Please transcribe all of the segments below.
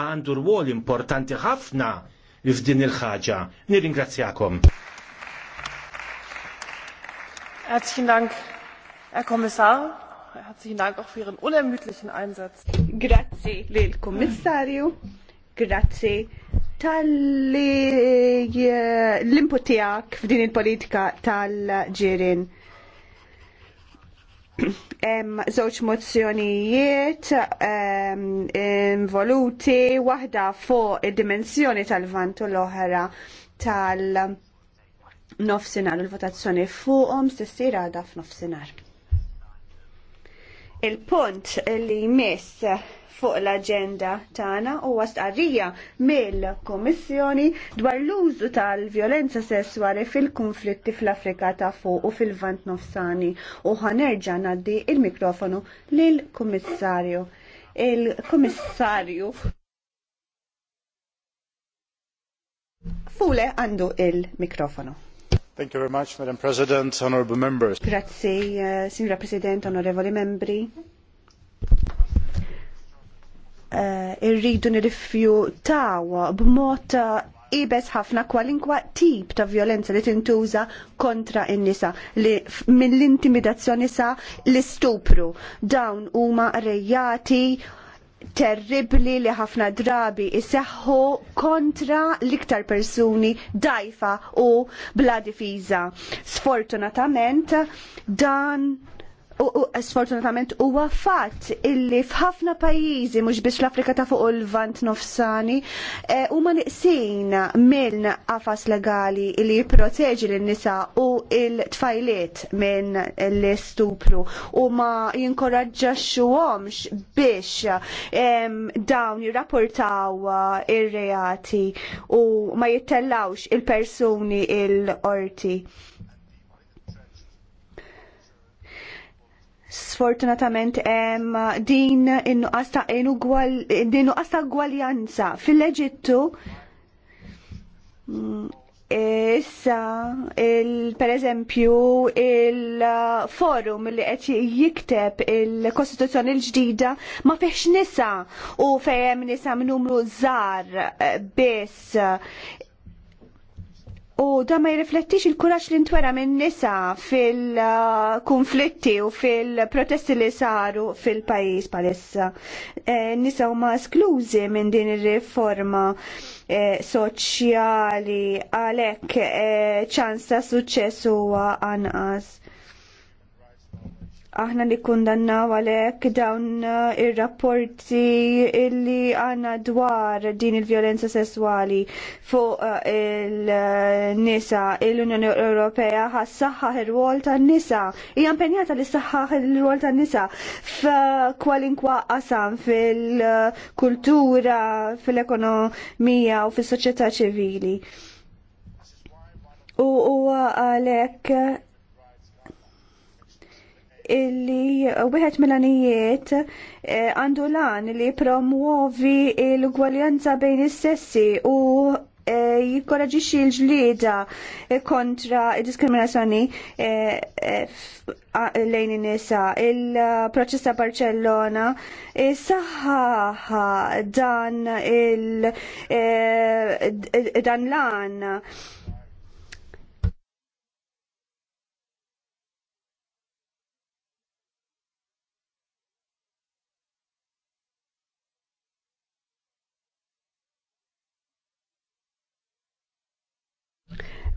għandu rwol importanti ħafna f'din il-ħaġa. Nirringrazzjakom. Herzlichen Dank, Herr Kommissar. Herzlichen Dank auch für Ihren unermüdlichen Einsatz. Grazie lil Kommissario. Grazie tal-li eh, l-input tiegħek f'din il-politika tal-ġirin żewġ mozzjonijiet involuti waħda fuq id-dimensjoni tal-vant u l-oħra tal-nofsinhar u l-votazzjoni fuqhom s'issir għadha f'nofsinhar. Il-punt li jmiss fuq l-agenda tagħna huwa stqarrija mill-Kummissjoni dwar l-użu tal-vjolenza sesswali fil-konflitti fl-Afrika ta' fuq u fil-Vant Nofsani u ħanerġa' ngħaddi il-mikrofonu lill-Kummissarju. Il-Kummissarju Fule għandu il-mikrofonu. Thank you very much, Madam President, Honorable Members. Grazie, uh, Signora President, Onorevoli Membri. Eh, irridu nirrifjutaw b'mod eh, ibes ħafna kwalinkwa tip ta' violenza li tintuża kontra in-nisa li mill-intimidazzjoni sa l-istupru. Dawn huma rejati terribli li ħafna drabi iseħħu kontra l-iktar persuni dajfa u bla difiża. Sfortunatament dan u sfortunatament huwa fatt illi f'ħafna pajjiżi mhux biex l-Afrika ta' fuq il-vant nofsani eh, huma niqsin minn qafas legali li jipproteġi lin-nisa u l-tfajliet minn l-istupru u ma jinkoraġġaxxuhomx biex dawn jirrapportaw eh, ir-reati u ma jittellawx il-persuni il-qorti. il persuni il orti il persuni il qorti sfortunatament din innuqas ta' innuqas ta' gwaljanza fil-Eġittu mm, Issa, il, per eżempju, il-forum li qed jikteb il-Kostituzzjoni l-ġdida ma fiex nisa u fejem nisa minn numru żgħar biss U da ma jirriflettix il-kuraċ li ntwera minn nisa fil-konflitti u fil-protesti li saru fil-pajis palissa. Nisa e, nisa huma esklużi minn din ir-riforma e, soċjali għalhekk e, ċans suċessu ta' suċċess huwa anqas aħna nikkundannaw għalhekk dawn uh, ir-rapporti illi għandna dwar din il-vjolenza sesswali fuq uh, il-nisa il-Unjoni Ewropea ħassaħħaħ ir-rwol tan-nisa. Hija penjata li saħħaħ ir-rwol tan-nisa f'kwalinkwa qasam fil-kultura, fil-ekonomija u fis-soċjetà ċivili. U għalhekk illi uh, wieħed mill-anijiet uh, għandu lan li promuovi l gwaljanza bejn is-sessi u uh, jikkoraġixxi l-ġlieda kontra diskriminazzjoni lejn in-nisa. Il-proċess ta' Barcellona saħħaħa dan il dan lan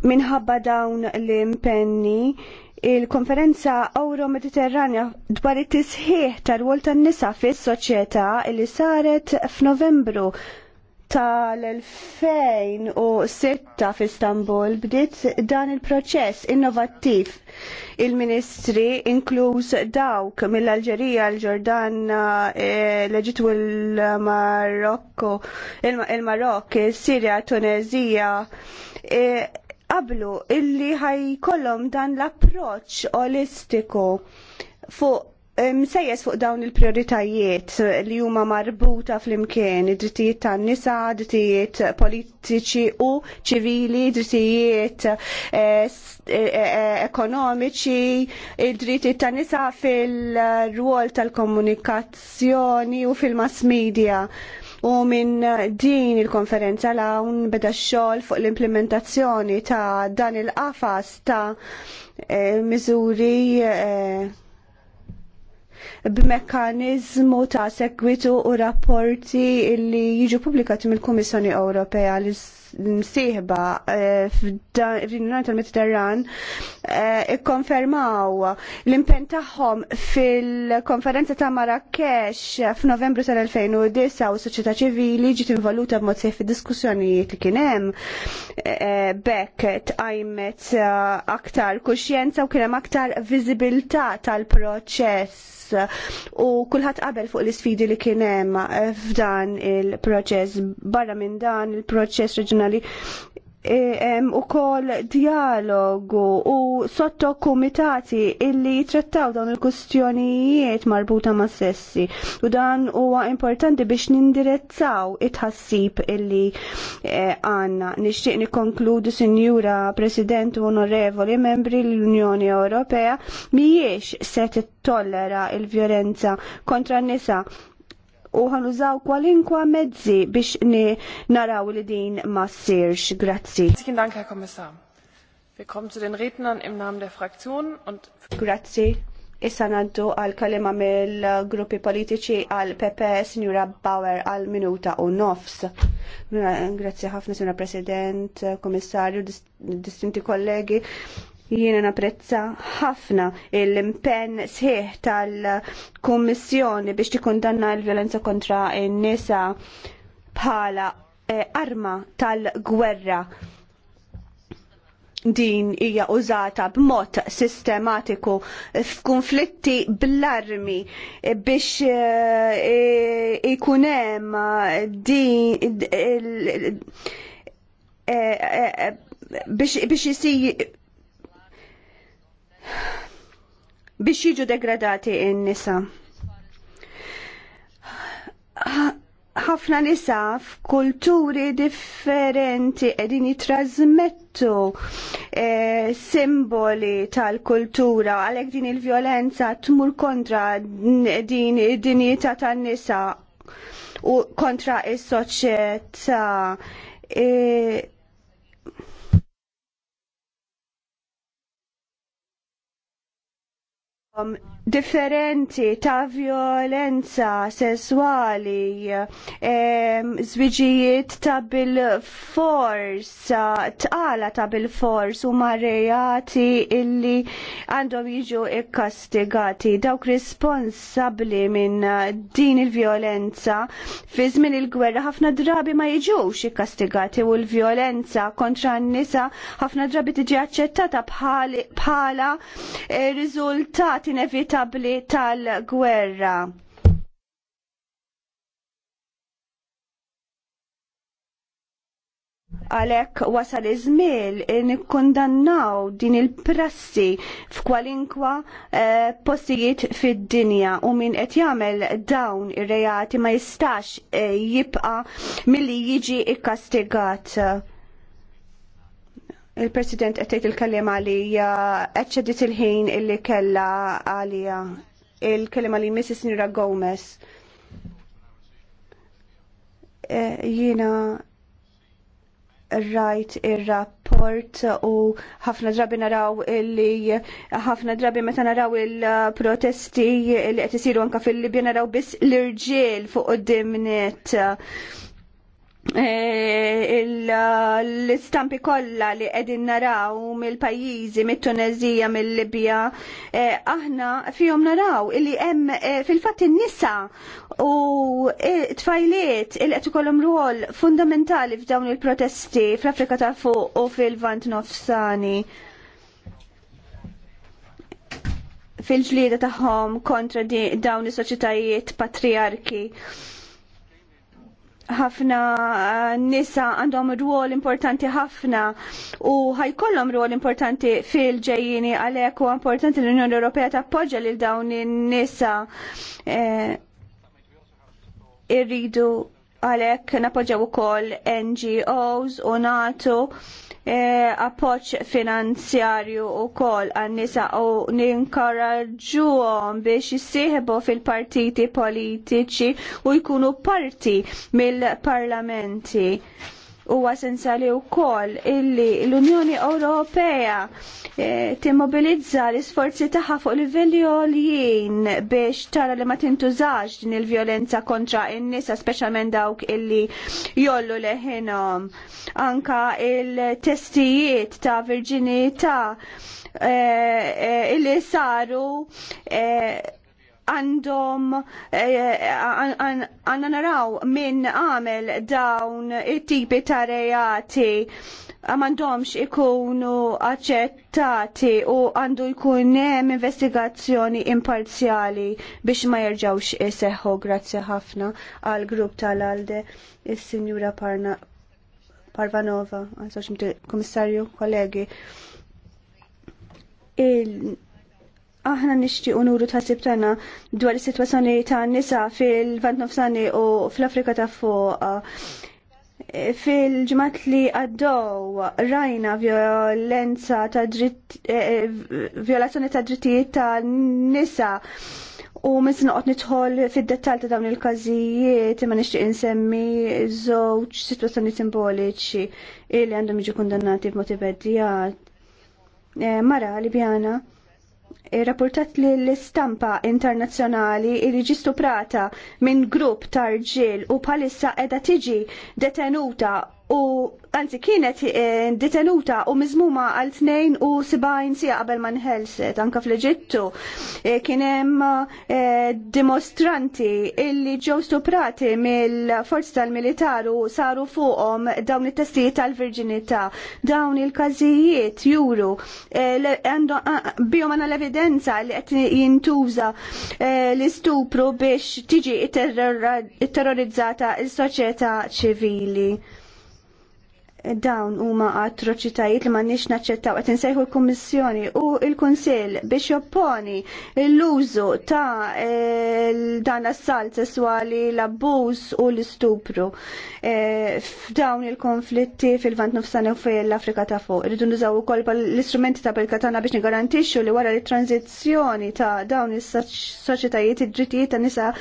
minħabba dawn l-impenni il-konferenza Euro-Mediterranja dwar it-tisħiħ tar-rwol tan-nisa fis-soċjetà li saret f'Novembru tal-2006 f'Istanbul bdiet dan il-proċess innovattiv. Il-ministri inkluż dawk mill-Alġerija, l-Ġordan, eh, l-Eġittu, l-Marokko, il-Marokk, il-Sirja, Tunezija, eh, qablu illi ħajkollhom dan l-approċ olistiku fuq Msejjes fuq dawn il-prioritajiet li huma marbuta fl-imkien, id-drittijiet tan-nisa, drittijiet politiċi u ċivili, drittijiet eh, eh, eh, ekonomiċi, id-drittijiet tan-nisa fil-rwol tal-komunikazzjoni u fil-mass media. U minn din il-konferenza l un beda xol fuq l-implementazzjoni ta' dan il-qafas ta' eh, miżuri eh, b'mekkaniżmu b'mekkanizmu ta' segwitu u rapporti li jiġu pubblikati mill-Kummissjoni Ewropea l msieħba eh, f'Union tal-Mediterran eh, ikkonfermaw l-impenn tagħhom fil-konferenza ta' Marrakesh f'Novembru tal-2009 u soċjetà ċivili ġiet involuta b'mod sejf fid-diskussjonijiet li kien hemm eh, bekk tqajmet aktar kuxjenza u kien hemm aktar viżibilità tal-proċess u kulħadd qabel fuq l-isfidi li kien hemm f'dan il-proċess barra minn dan il-proċess reġjonali Nazzjonali u e, ukoll dialogu u sotto komitati illi trattaw dawn il-kustjonijiet marbuta ma' sessi u dan huwa importanti biex nindirezzaw it-ħassib illi e, għanna. E, Nixtieq nikkonkludi Sinjura President u Onorevoli Membri l-Unjoni Ewropea mijiex se tittollera il-vjolenza kontra nisa u għanużaw kwalinkwa mezzi biex naraw li din ma sirx. Grazzi. Dank, Herr Kommissar. Wir kommen zu den Rednern im Namen der Fraktionen und Grazzi. Issa naddu għal kalima mill-gruppi politiċi għal PP Signora Bauer għal minuta u nofs. Grazie ħafna, Signora President, Komissarju, distinti kollegi. Jiena naprezza ħafna l-impenn sħiħ tal-Kummissjoni biex tikkundanna l-violenza kontra n-nisa bħala eh, arma tal-gwerra din hija użata b'mod sistematiku f'kunflitti bl-armi biex eh, ikun hemm din eh, biex biex biex jiġu degradati in-nisa. ħafna nisa f'kulturi differenti qegħdin jitrażmettu e, eh, simboli tal-kultura għalhekk din il-vjolenza tmur kontra din id-dinjità tan-nisa u kontra is-soċjetà. E, um, differenti ta' violenza sessuali, ehm, zwiġijiet ta' bil-fors, tqala ta' bil-fors u marrejati illi għandhom jiġu ikkastigati. Dawk responsabli minn din il-violenza fi żmien il-gwerra ħafna drabi ma jiġux ikkastigati u l-violenza kontra n-nisa ħafna drabi tiġi aċċettata bħala eh, riżultat inevitabli inaċċettabbli tal-gwerra. għalek wasal iżmil nikkondannaw din il-prassi f'kwalinkwa eh, postijiet fid-dinja u min qed jagħmel dawn ir-reati ma jistax eh, jibqa' milli jiġi ikkastigat. Il-President għettejt il-kellima li għedċedit il-ħin illi kella għalija. Il-kellima li Mrs. Nira Gomez. E, Jina rajt ir-rapport u ħafna drabi naraw illi ħafna drabi meta naraw il-protesti li qed isiru fil-Libja naraw biss l-irġiel fuq qudiem net Eh, l-istampi kollha li qegħdin naraw mill-pajjiżi, mit-Tunezija, mill-Libja, eh, aħna fihom naraw illi hemm eh, fil-fatt in-nisa u tfajliet il qed ikollhom rwol fundamentali f'dawn il-protesti fl-Afrika ta' fuq u fil-Vant Nofsani fil-ġlieda tagħhom kontra dawn is-soċjetajiet patriarki ħafna eh, nisa għandhom rwol importanti ħafna u ħajkollhom rwol importanti fil-ġejjini għalhekk huwa importanti l-Unjoni Ewropea tappoġġa lil dawn in-nisa eh, irridu għalhekk napoġġaw ukoll NGOs u nagħtu eh, appoġġ finanzjarju wkoll għan-nisa u ninkoraġġuhom biex jissieħbu fil-partiti politiċi u jkunu parti mill-parlamenti huwa essenzjali wkoll illi l-Unjoni Ewropea eh, timmobilizza l-isforzi tagħha fuq livelli għoljien biex tara li ma tintużax din il-vjolenza kontra in-nisa speċjalment dawk illi jollu leħinhom. Anka il-testijiet ta' virginità eh, eh, illi saru għandhom eh, eh, għanna naraw minn għamel dawn it-tipi ta' rejati għamandomx ikunu accettati u għandu jkun hemm investigazzjoni imparzjali biex ma jerġawx iseħħu grazzi ħafna għal grupp tal-alde il sinjura Parna Parvanova, għal komissarju, kollegi aħna nixtiequ nuru tħassib tagħna dwar is-sitwazzjoni tan nisa fil-Vant Nofsani u fl-Afrika ta' fuq. Fil-ġmat li għaddew rajna violenza ta' dritt, eh, eh violazzjoni ta' drittijiet ta' nisa u mis noqgħod nidħol fid-dettall ta' dawn il-każijiet ma nixtieq insemmi żewġ sitwazzjoni simboliċi li għandhom jiġu kundannati b'mod ibedjat. Eh, mara Libjana rapportat li l-istampa internazzjonali irriġi stuprata minn grupp tarġil u palissa edha tiġi detenuta u anzi kienet eh, detenuta u mizmuma għal 72 sija qabel ma nħelset anka fl-Eġittu eh, kien hemm eh, dimostranti illi ġew stuprati mill-forzi tal-militaru saru fuqhom dawn it-testijiet tal-virġinità dawn il-każijiet juru bihom għandna l-evidenza li qed jintuża l-istupru biex tiġi terrorizzata il-soċjetà ċivili dawn huma atroċitajiet li m'għandniex naċċettaw qed insejħu l-Kummissjoni u l-Kunsill biex jopponi l-użu ta' eh, dan assalt sesswali l-abbuż u l-istupru eh, f'dawn il-konflitti fil-Vant Nofsani u fil-Afrika ta' fuq. Irridu nużaw ukoll l-istrumenti ta' bil-katana biex nigarantixxu li wara l-tranzizzjoni ta' dawn is-soċjetajiet id-drittijiet ta' nisa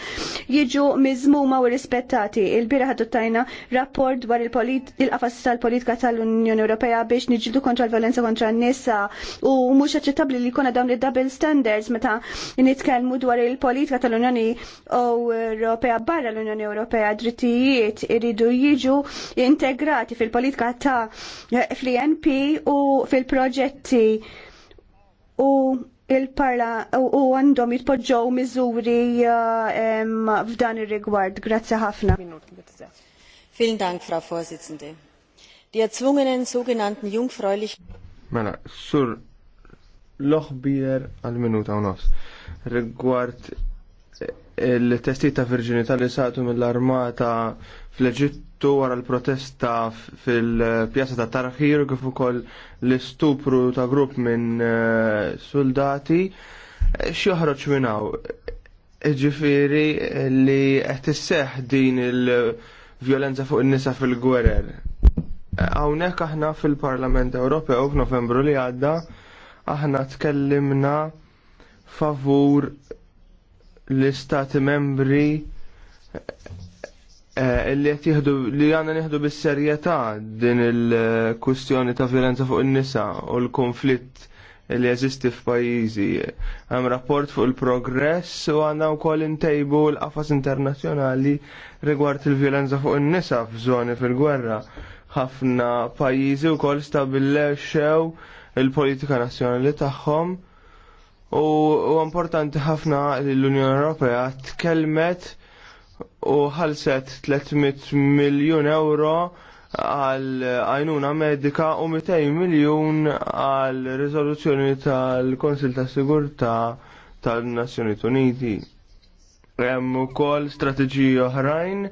jiġu miżmuma u rispettati. Il-bieraħ adottajna rapport dwar il-qafas tal-politika politika tal-Unjoni Ewropea biex niġildu kontra l-violenza kontra n-nisa u mhux aċċettabbli li jkun dawn id-double standards meta nitkellmu dwar il-politika tal-Unjoni Ewropea barra l-Unjoni Ewropea drittijiet iridu jiġu integrati fil-politika ta' fl u fil-proġetti u il-parla u għandhom jitpoġġow miżuri eh, f'dan ir-rigward. Grazzi ħafna. Vielen Dank, Frau Vorsitzende die erzwungenen sogenannten jungfräulich. Mela, sur loħbier għal minuta u nofs. Rigward eh, il-testi ta' virginità li saqtu mill-armata fl-Eġittu wara l-protesta fil-pjazza ta' Tarħir kif ukoll l-istupru ta' grupp minn eh, soldati eh, xjoħroġ minn hawn ġifieri li qed isseħħ din il-vjolenza fuq in-nisa fil-gwerer Hawnhekk aħna fil-Parlament Ewropew f'Novembru li għadda aħna tkellimna favur l-istati membri eh, li qed jihdu li għandna nieħdu bis-serjetà din il kustjoni ta' violenza fuq in-nisa u l-konflitt li jeżisti f'pajjiżi. Hemm rapport fuq il-progress u għandna wkoll intejbu l-qafas internazzjonali rigward il-violenza fuq in-nisa f'żoni fil-gwerra ħafna pajjiżi wkoll stabillew il-politika nazzjonali tagħhom u importanti ħafna li l-Unjoni Ewropea tkellmet u ħalset 300 miljun euro għal għajnuna medika u 200 miljun għal rizoluzzjoni tal-Konsil ta' Sigurta tal-Nazzjoni Uniti. Hemm ukoll strateġiji oħrajn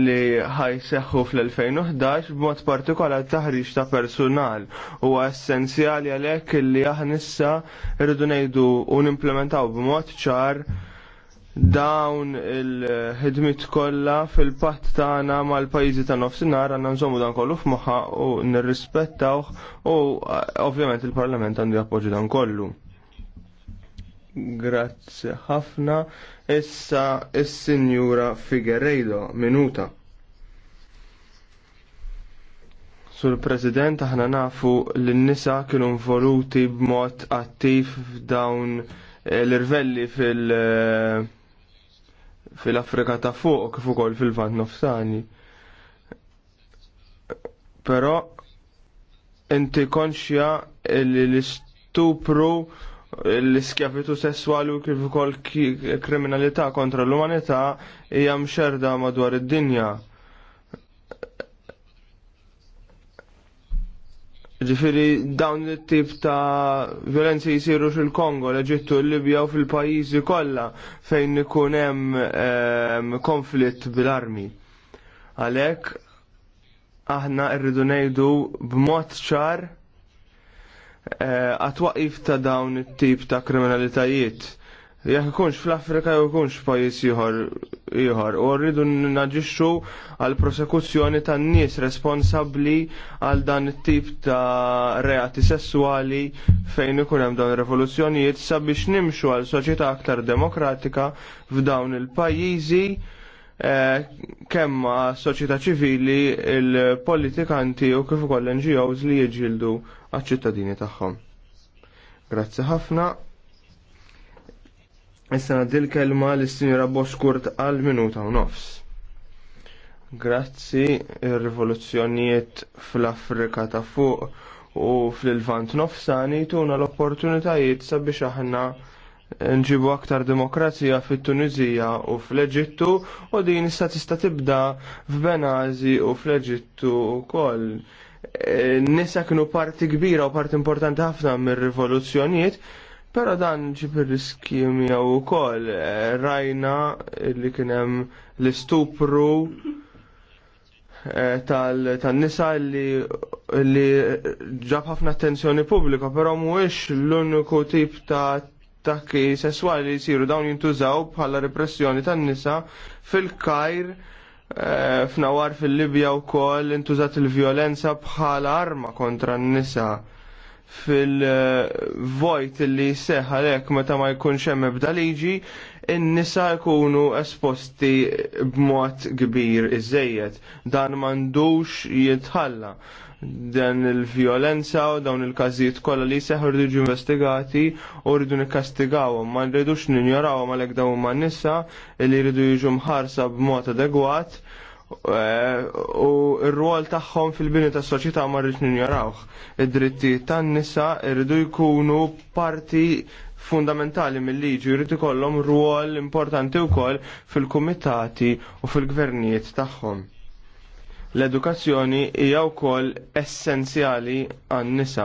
li ħajseħħu fl-2011 b'mod partikolar taħriġ ta' personal u essenzjali għalhekk illi aħna issa rridu ngħidu u nimplementaw b'mod ċar dawn il-ħidmit kollha fil-patt tagħna mal-pajjiżi ta' nofsinhar għandna nżommu dan kollu f'moħħa u nirrispettawh u eh, ovvjament il-Parlament għandu jappoġġi dan kollu. Grazzi ħafna. Issa is-Sinjura Figueiredo minuta. Sur President aħna nafu li nisa kienu involuti b'mod attiv f'dawn eh, l-irvelli fil- eh, fil-Afrika ta' fuq kif ukoll fil-Vant Nofsani. Però inti konxja li l-istupru l-iskjavitu sessuali u kif ukoll kriminalità kontra l-umanità hija mxerda madwar id-dinja. Ġifiri dawn it-tip ta' violenzi jisiru fil-Kongo, l-Eġittu, l-Libja u fil-pajjiżi kollha fejn ikun hemm ehm, konflitt bil-armi. Għalhekk aħna rridu ngħidu b'mod ċar Eh, għatwaqif ta' dawn it-tip ta' kriminalitajiet. Jekk ikunx fl-Afrika jew ikunx pajjiż ieħor ieħor u rridu naġixxu għal prosekuzzjoni tan nies responsabbli għal dan it-tip ta' reati sessuali fejn ikun hemm dawn revoluzzjonijiet sabiex nimxu għal soċjetà aktar demokratika f'dawn il-pajjiżi eh, kemm soċjetà ċivili, il-politikanti u kif ukoll NGOs li jiġildu għal ċittadini tagħhom. Grazzi ħafna. Issa nadil kelma l-Sinjora Boskurt għal minuta u nofs. Grazzi ir-rivoluzzjonijiet fl-Afrika ta' fuq u fl-Ilvant nofsani tuna l-opportunitajiet sabiex aħna nġibu aktar demokrazija fit tunizija u fl-Eġittu u din issa tista' tibda f'Benazi u fl-Eġittu wkoll Eh, nisa kienu parti kbira u parti importanti ħafna mir-rivoluzzjonijiet, pero dan ġibir iskimja u kol, eh, rajna li kienem l-istupru eh, tal-nisa li ġab ħafna attenzjoni pubblika, però mhuwiex l-uniku tip ta' takki sessuali jisiru dawn jintużaw bħala repressjoni tan-nisa fil-kajr Eh, f'nawar fil-Libja u kol intużat il-violenza bħala arma kontra n-nisa fil-vojt li seħalek meta ma jkunx hemm ebda liġi, n nisa jkunu esposti b'mod kbir iżejjed. Dan m'għandux jitħalla dan il-violenza u dawn il-każijiet kollha li seħu rridu investigati u rridu nikkastigawhom. Ma rridux ninjorawhom għalhekk dawn huma nisa li rridu jiġu mħarsa b'mod adegwat eh, u r-rwol tagħhom fil-bini tas-soċjetà ma rridx ninjorawh. Id-drittijiet tan-nisa rridu jkunu parti fundamentali mill-liġi jrid ikollhom rwol importanti wkoll fil-kumitati u fil-gvernijiet tagħhom. L-edukazzjoni hija wkoll essenzjali għan-nisa.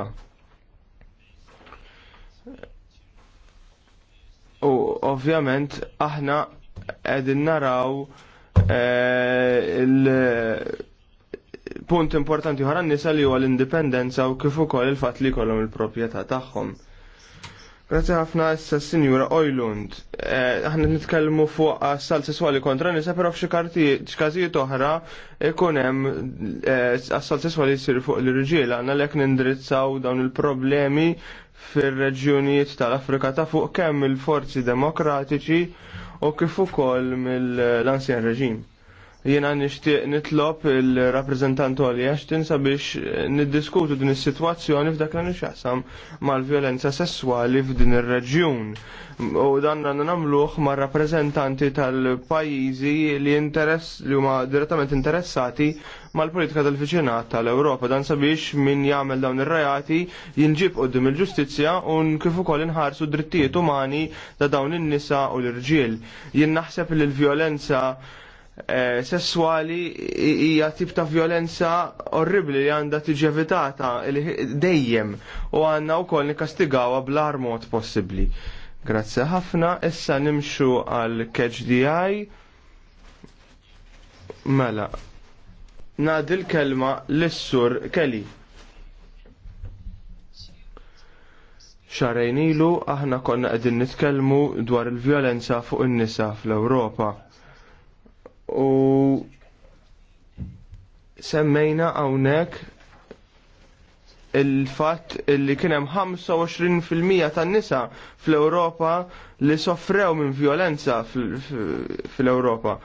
U ovvjament aħna qegħdin naraw eh, il-punt importanti n nisa li huwa l-indipendenza u kif ukoll il-fatt li jkollhom il-proprjetà tagħhom. Grazie ħafna issa Sinjura Ojlund. Eh, aħna nitkellmu fuq assal eh, sesswali kontra nisa, però f'xi każijiet oħra ikun hemm assal eh, sesswali jsir fuq l-irġiel għandna lek nindirizzaw dawn il-problemi fir-reġjunijiet tal-Afrika ta' fuq kemm il-forzi demokratiċi u kif ukoll mill-ansjan reġim. Jiena nixtieq nitlob il-rappresentant għal jaxtin sabiex eh, niddiskutu din is-sitwazzjoni f'dak li nixaqsam mal-violenza sessuali f'din ir-reġjun. U dan għandna nagħmluh ma' rappreżentanti tal-pajjiżi li interess li huma direttament interessati mal-politika tal-viċinat tal-Ewropa. Dan sabiex min jagħmel dawn ir rajati jinġib qudiem il-ġustizzja u kif ukoll inħarsu drittijiet umani ta' dawn in-nisa u l-irġiel. Jien naħseb li l-vjolenza Eh, sessuali hija tip ta' violenza orribli li għandha tiġi evitata dejjem u għandna wkoll nikastigawha bl-ar mod possibbli. Grazzi ħafna, issa nimxu għal KHDI. Mela, nadi l-kelma l issur Kelly. Xarajnilu, aħna konna qegħdin nitkellmu dwar il-vjolenza fuq in-nisa fl-Ewropa u semmejna għawnek il-fat li kienem 25% tan nisa fl-Europa li soffrew minn violenza fl-Europa.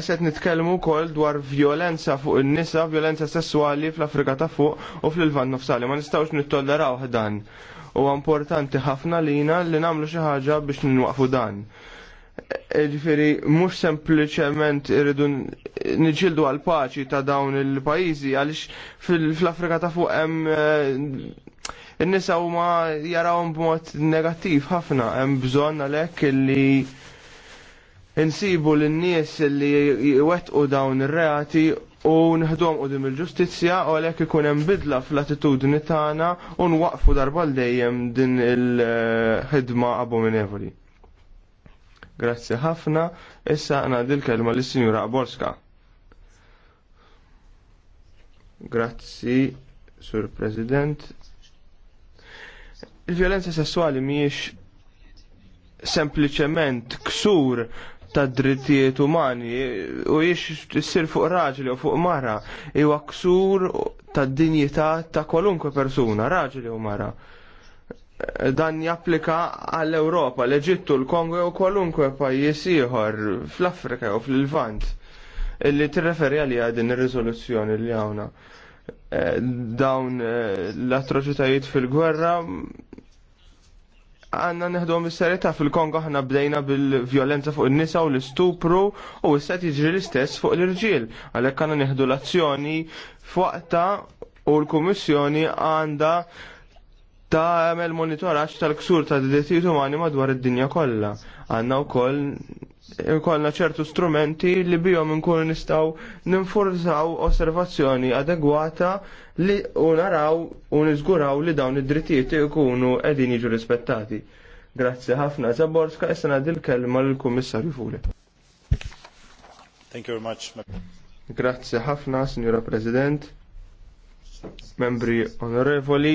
Eset nitkelmu kol dwar violenza fuq il-nisa, violenza sessuali fl-Afrika ta' fuq u fl-Ilvan nofsali. Ma nistawx nittolleraw dan. U importanti ħafna lina li namlu xi ħaġa biex ninwaqfu dan. Ġifiri, mux sempliciment irridu nġildu għal paċi ta' dawn il-pajizi, għalix fil-Afrika ta' fuq hemm eh, n-nisa huma jarawhom b'mod negattiv ħafna, hemm bżonn għalek li insibu lin-nies li jwettqu dawn ir-reati u nħdom u dim il-ġustizja u għalek ikun hemm bidla fl-attitudni tagħna u nwaqfu darba l dejjem din il-ħidma eh, abominevoli. Grazzi ħafna, issa għana kelma l-Sinjura Borska. Grazzi, Sur President. Il-violenza sessuali miex sempliċement ksur ta' drittijiet umani u jiex sir fuq raġli u fuq mara, huwa ksur ta' dinjità ta' kwalunkwe persuna, raġli u mara dan japplika għall-Ewropa, l-Eġittu, l-Kongo u kwalunkwe pajjiż ieħor fl-Afrika u fl-Lvant illi tirreferi għalija din ir-riżoluzzjoni li hawnna. Eh, dawn eh, l-atroċitajiet fil-gwerra għanna neħdom bis-serjetà fil-Kongo ħna bdejna bil-vjolenza fuq in-nisa u l-istupru u issa jiġri l-istess fuq l-irġiel. Għalhekk għandna neħdu l-azzjoni f'waqta u l-Kummissjoni għandha ta' għamel monitoraċ tal-ksur ta' d-dettijiet umani madwar id-dinja kollha. Għanna u koll kollna ċertu strumenti li bijom nkunu nistaw ninforzaw osservazzjoni adegwata li unaraw naraw u li dawn id-drittijiet ikunu edin jiġu rispettati. Grazzi ħafna Zaborska, issa dil kelma l-Kummissarju Fule. Thank you very much. Grazzi ħafna, Signora President, membri onorevoli.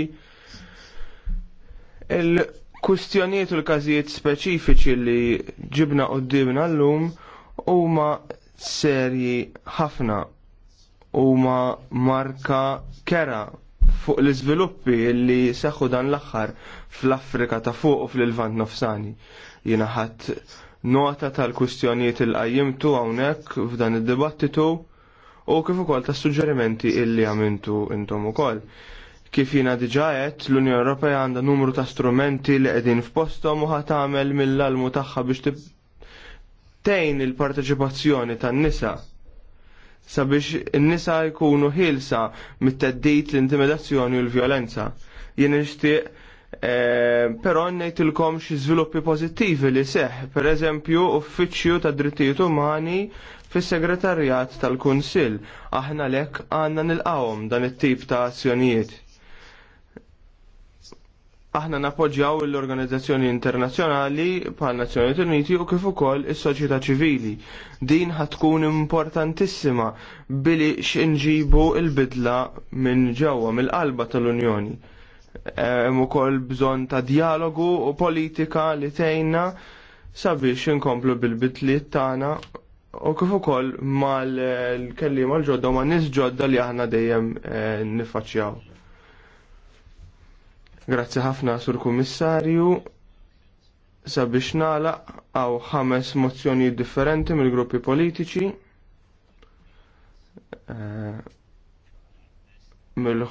Il-kustjonijiet u l-każijiet speċifiċi li ġibna qoddimna llum huma serji ħafna huma marka kera fuq l-iżviluppi li seħħu dan l-aħħar fl-Afrika ta' fuq u fl-Ilvant nofsani. Jiena ħadd nota tal-kustjonijiet il-qajjimtu hawnhekk f'dan id-dibattitu u kif ukoll tas-suġġerimenti illi għamiltu intom ukoll. Kif jina diġa qed, l-Unjoni Ewropea għandha numru ta' strumenti li qegħdin f'posthom u ħadd tagħmel mill-almu tagħha biex tejn il-parteċipazzjoni tan-nisa sabiex in-nisa jkunu ħilsa mit-teddit l-intimidazzjoni u l-vjolenza. Jien nixtieq eh, però ngħidilkom xi żviluppi pożittivi li seħ, pereżempju uffiċċju ta' drittijiet umani fis-segretarjat tal-Kunsill. Aħna lek għandna nilqawhom dan it-tip ta' azzjonijiet. Aħna napoġġjaw l-organizzazzjoni internazzjonali bħal Nazzjonijiet Uniti u kif ukoll is-soċjetà ċivili. Din ħad tkun importantissima billi x'inġibu l-bidla minn ġewwa mill-qalba tal-Unjoni. Hemm ukoll bżonn ta' dialogu u politika li tgħinna sabiex inkomplu bil-bidliet tagħna u kif ukoll mal-kelliem għal ġodda ma' nies ġodda li aħna dejjem eh, nifaċċjaw. Grazzi ħafna sur kummissarju sabiex nalaq għaw ħames mozzjoni differenti mill-gruppi politiċi. Uh, eh, mill